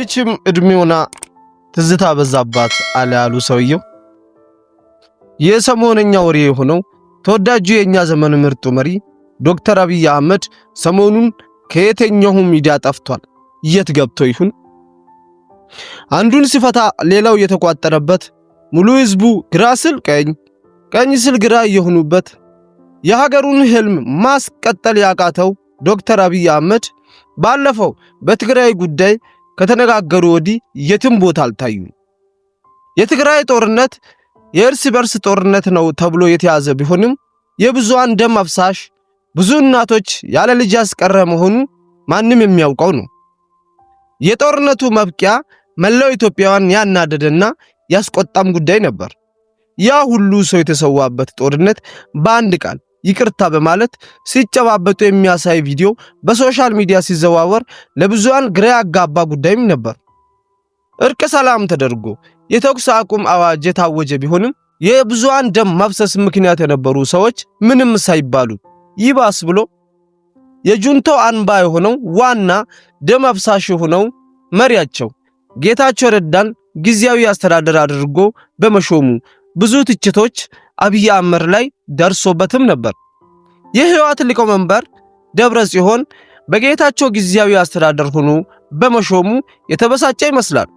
ይችም እድሜውና ትዝታ በዛባት አለ ያሉ ሰውየው የሰሞነኛ ወሬ የሆነው ተወዳጁ የእኛ ዘመን ምርጡ መሪ ዶክተር አብይ አህመድ ሰሞኑን ከየትኛውም ሚዲያ ጠፍቷል። የት ገብቶ ይሁን? አንዱን ሲፈታ ሌላው የተቋጠረበት፣ ሙሉ ህዝቡ ግራ ስል ቀኝ፣ ቀኝ ስል ግራ የሆኑበት፣ የሀገሩን ህልም ማስቀጠል ያቃተው ዶክተር አብይ አህመድ ባለፈው በትግራይ ጉዳይ ከተነጋገሩ ወዲህ የትም ቦታ አልታዩም። የትግራይ ጦርነት የእርስ በርስ ጦርነት ነው ተብሎ የተያዘ ቢሆንም የብዙዋን ደም አፍሳሽ ብዙ እናቶች ያለ ልጅ ያስቀረ መሆኑ ማንም የሚያውቀው ነው። የጦርነቱ መብቂያ መላው ኢትዮጵያውያን ያናደደና ያስቆጣም ጉዳይ ነበር። ያ ሁሉ ሰው የተሰዋበት ጦርነት በአንድ ቃል ይቅርታ በማለት ሲጨባበጡ የሚያሳይ ቪዲዮ በሶሻል ሚዲያ ሲዘዋወር ለብዙሃን ግራ ያጋባ ጉዳይም ነበር። እርቀ ሰላም ተደርጎ የተኩስ አቁም አዋጅ የታወጀ ቢሆንም የብዙሃን ደም ማፍሰስ ምክንያት የነበሩ ሰዎች ምንም ሳይባሉ ይባስ ብሎ የጁንታው አንባ የሆነው ዋና ደም አፍሳሽ የሆነው መሪያቸው ጌታቸው ረዳን ጊዜያዊ አስተዳደር አድርጎ በመሾሙ ብዙ ትችቶች አብይ አህመድ ላይ ደርሶበትም ነበር። የህወሓት ሊቀመንበር ደብረ ጽዮን በጌታቸው ጊዜያዊ አስተዳደር ሆኖ በመሾሙ የተበሳጨ ይመስላል።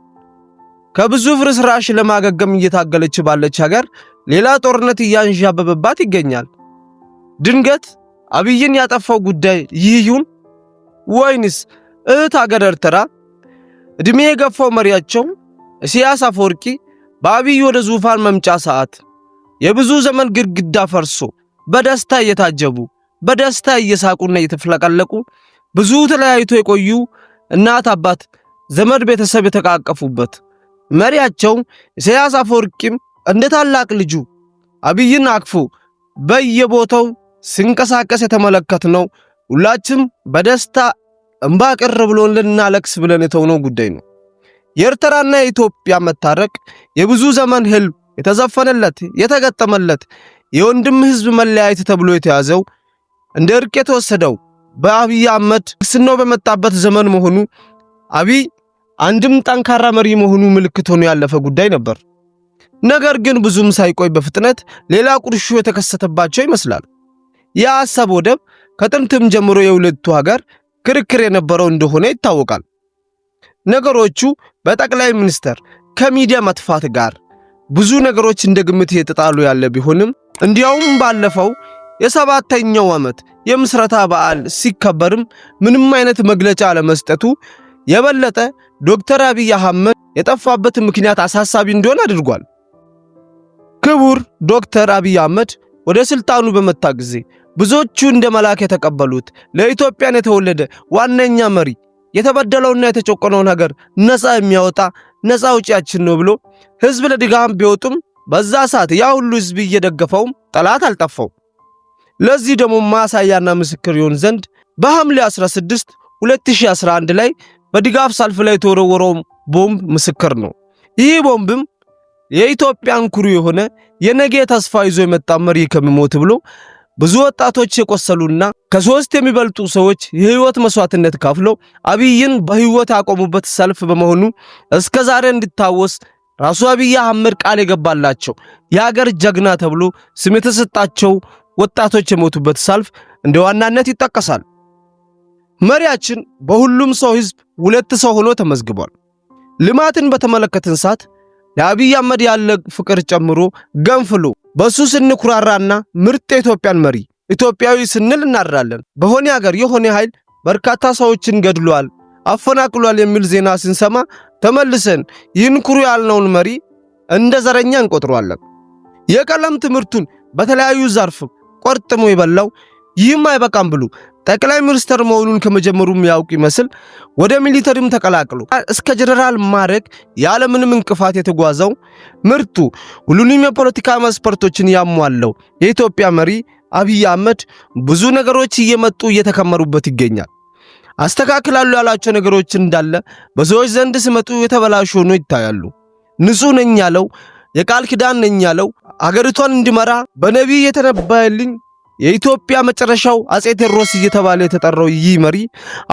ከብዙ ፍርስራሽ ለማገገም እየታገለች ባለች ሀገር ሌላ ጦርነት እያንዣበበባት ይገኛል። ድንገት አብይን ያጠፋው ጉዳይ ይህ ይሁን ወይንስ እህት አገር ኤርትራ እድሜ የገፋው መሪያቸው ኢሳያስ አፈወርቂ በአብይ ወደ ዙፋን መምጫ ሰዓት የብዙ ዘመን ግድግዳ ፈርሶ በደስታ እየታጀቡ በደስታ እየሳቁና እየተፍለቀለቁ ብዙ ተለያይቶ የቆዩ እናት አባት ዘመድ ቤተሰብ የተቃቀፉበት መሪያቸው ኢሳያስ አፈወርቂም እንደ ታላቅ ልጁ አብይን አቅፎ በየቦታው ሲንቀሳቀስ የተመለከት ነው ሁላችንም በደስታ እምባ ቅር ብሎን ልናለቅስ ብለን የተውነው ጉዳይ ነው። የኤርትራና የኢትዮጵያ መታረቅ የብዙ ዘመን ህልም የተዘፈነለት የተገጠመለት የወንድም ህዝብ መለያየት ተብሎ የተያዘው እንደ እርቅ የተወሰደው በአብይ አህመድ ንግስናው በመጣበት ዘመን መሆኑ አብይ አንድም ጠንካራ መሪ መሆኑ ምልክት ሆኖ ያለፈ ጉዳይ ነበር። ነገር ግን ብዙም ሳይቆይ በፍጥነት ሌላ ቁርሾ የተከሰተባቸው ይመስላል። የአሰብ ወደብ ከጥንትም ጀምሮ የሁለቱ ሀገር ክርክር የነበረው እንደሆነ ይታወቃል። ነገሮቹ በጠቅላይ ሚኒስተር ከሚዲያ መጥፋት ጋር ብዙ ነገሮች እንደ ግምት እየተጣሉ ያለ ቢሆንም እንዲያውም ባለፈው የሰባተኛው ዓመት የምስረታ በዓል ሲከበርም ምንም አይነት መግለጫ ለመስጠቱ የበለጠ ዶክተር አብይ አህመድ የጠፋበት ምክንያት አሳሳቢ እንዲሆን አድርጓል። ክቡር ዶክተር አብይ አህመድ ወደ ስልጣኑ በመጣ ጊዜ ብዙዎቹ እንደ መልአክ የተቀበሉት ለኢትዮጵያን የተወለደ ዋነኛ መሪ የተበደለውና የተጨቆነውን ሀገር ነፃ የሚያወጣ ነፃ ውጪያችን ነው ብሎ ህዝብ ለድጋም ቢወጡም በዛ ሰዓት ያ ሁሉ ህዝብ እየደገፈውም ጠላት አልጠፋው። ለዚህ ደግሞ ማሳያና ምስክር ይሆን ዘንድ በሐምሌ 16 2011 ላይ በድጋፍ ሰልፍ ላይ የተወረወረው ቦምብ ምስክር ነው። ይህ ቦምብም የኢትዮጵያን ኩሩ የሆነ የነገ ተስፋ ይዞ የመጣ መሪ ከሚሞት ብሎ ብዙ ወጣቶች የቆሰሉና ከሶስት የሚበልጡ ሰዎች የህይወት መስዋዕትነት ከፍለው አብይን በህይወት ያቆሙበት ሰልፍ በመሆኑ እስከ ዛሬ እንዲታወስ ራሱ አብይ አህመድ ቃል የገባላቸው የሀገር ጀግና ተብሎ ስም የተሰጣቸው ወጣቶች የሞቱበት ሰልፍ እንደ ዋናነት ይጠቀሳል። መሪያችን በሁሉም ሰው ህዝብ ሁለት ሰው ሆኖ ተመዝግቧል። ልማትን በተመለከትን ሰዓት ለአብይ አህመድ ያለ ፍቅር ጨምሮ ገንፍሎ በሱ ስንኩራራና ምርጥ የኢትዮጵያን መሪ ኢትዮጵያዊ ስንል እናድራለን። በሆነ ሀገር የሆነ ኃይል በርካታ ሰዎችን ገድሏል፣ አፈናቅሏል የሚል ዜና ስንሰማ ተመልሰን ይህን ኩሩ ያልነውን መሪ እንደ ዘረኛ እንቆጥሯለን። የቀለም ትምህርቱን በተለያዩ ዘርፍ ቆርጥሞ የበላው ይህም አይበቃም ብሎ ጠቅላይ ሚኒስተር መሆኑን ከመጀመሩ የሚያውቅ ይመስል ወደ ሚሊተሪም ተቀላቅሎ እስከ ጀነራል ማዕረግ ያለምንም እንቅፋት የተጓዘው ምርጡ ሁሉንም የፖለቲካ መስፈርቶችን ያሟለው የኢትዮጵያ መሪ አብይ አህመድ ብዙ ነገሮች እየመጡ እየተከመሩበት ይገኛል። አስተካክላሉ ያላቸው ነገሮች እንዳለ በሰዎች ዘንድ ሲመጡ የተበላሹ ሆኖ ይታያሉ። ንጹህ ነኝ ያለው የቃል ኪዳን ነኝ ያለው አገሪቷን እንዲመራ በነቢይ የተነበየልኝ የኢትዮጵያ መጨረሻው አጼ ቴዎድሮስ እየተባለ የተጠራው ይህ መሪ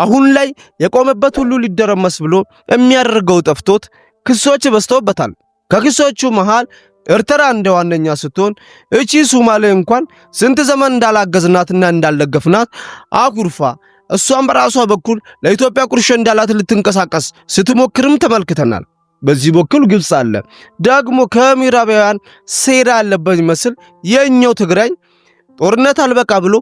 አሁን ላይ የቆመበት ሁሉ ሊደረመስ ብሎ የሚያደርገው ጠፍቶት ክሶች በዝተውበታል። ከክሶቹ መሃል ኤርትራ እንደ ዋነኛ ስትሆን እቺ ሱማሌ እንኳን ስንት ዘመን እንዳላገዝናትና እንዳልደገፍናት አኩርፋ እሷም በራሷ በኩል ለኢትዮጵያ ቁርሾ እንዳላት ልትንቀሳቀስ ስትሞክርም ተመልክተናል። በዚህ በኩል ግብፅ አለ ደግሞ ከምዕራባውያን ሴራ ያለበት ይመስል የኛው ትግራይ ጦርነት አልበቃ ብሎ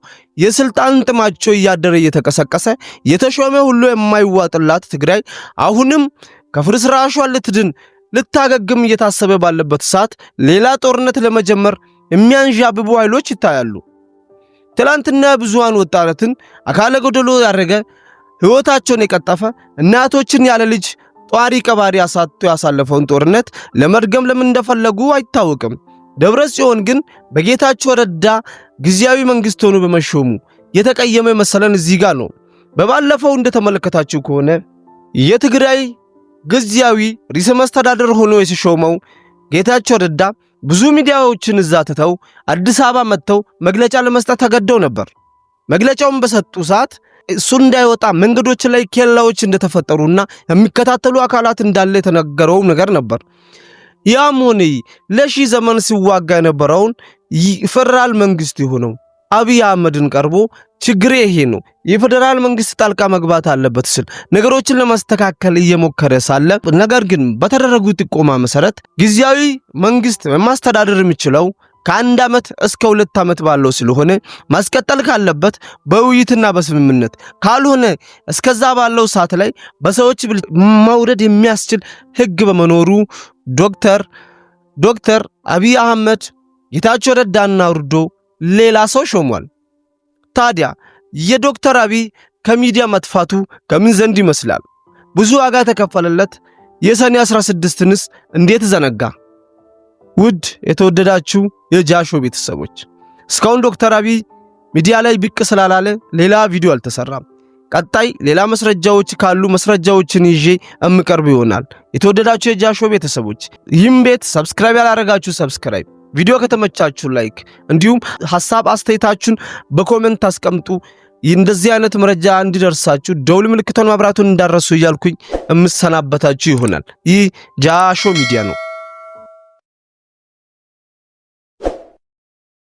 የስልጣን ጥማቸው እያደረ እየተቀሰቀሰ የተሾመ ሁሉ የማይዋጥላት ትግራይ አሁንም ከፍርስራሿ ልትድን ልታገግም እየታሰበ ባለበት ሰዓት ሌላ ጦርነት ለመጀመር የሚያንዣብቡ ኃይሎች ይታያሉ። ትላንትና ብዙሃን ወጣትን አካለ ጎደሎ ያደረገ ሕይወታቸውን የቀጠፈ እናቶችን ያለ ልጅ ጧሪ ቀባሪ አሳቶ ያሳለፈውን ጦርነት ለመድገም ለምን እንደፈለጉ አይታወቅም። ደብረ ጽዮን ግን በጌታቸው ረዳ ጊዜያዊ መንግስት ሆኖ በመሾሙ የተቀየመ መሰለን እዚህ ጋር ነው። በባለፈው እንደተመለከታችሁ ከሆነ የትግራይ ጊዜያዊ ርዕሰ መስተዳደር ሆኖ የተሾመው ጌታቸው ረዳ ብዙ ሚዲያዎችን እዛ ትተው አዲስ አበባ መጥተው መግለጫ ለመስጠት ተገደው ነበር። መግለጫውን በሰጡ ሰዓት እሱ እንዳይወጣ መንገዶች ላይ ኬላዎች እንደተፈጠሩና የሚከታተሉ አካላት እንዳለ የተነገረው ነገር ነበር። ያም ሆነ ዘመን ሲዋጋ የነበረውን ፌደራል መንግስት የሆነው አብይ አህመድን ቀርቦ ችግር ይሄ ነው፣ የፌደራል መንግስት ጣልቃ መግባት አለበት ስል ነገሮችን ለማስተካከል እየሞከረ ሳለ ነገር ግን በተደረጉ ጥቆማ መሰረት ጊዜያዊ መንግስት ማስተዳደር የሚችለው ከአንድ ዓመት እስከ ሁለት ዓመት ባለው ስለሆነ ማስቀጠል ካለበት በውይይትና በስምምነት ካልሆነ እስከዛ ባለው ሰዓት ላይ በሰዎች መውረድ የሚያስችል ህግ በመኖሩ ዶክተር ዶክተር አብይ አህመድ ጌታቸው ረዳና ሩዶ ሌላ ሰው ሾሟል። ታዲያ የዶክተር አብይ ከሚዲያ መጥፋቱ ከምን ዘንድ ይመስላል? ብዙ ዋጋ የተከፈለለት የሰኔ 16ንስ እንዴት ዘነጋ? ውድ የተወደዳችሁ የጃሾ ቤተሰቦች እስካሁን ዶክተር አብይ ሚዲያ ላይ ብቅ ስላላለ ሌላ ቪዲዮ አልተሰራም። ቀጣይ ሌላ መስረጃዎች ካሉ መስረጃዎችን ይዤ እምቀርብ ይሆናል። የተወደዳችሁ የጃሾ ቤተሰቦች ይህም ቤት ሰብስክራይብ ያላረጋችሁ ሰብስክራይብ፣ ቪዲዮ ከተመቻችሁ ላይክ፣ እንዲሁም ሀሳብ አስተያየታችሁን በኮሜንት አስቀምጡ። እንደዚህ አይነት መረጃ እንዲደርሳችሁ ደውል ምልክቷን ማብራቱን እንዳረሱ እያልኩኝ የምሰናበታችሁ ይሆናል። ይህ ጃሾ ሚዲያ ነው።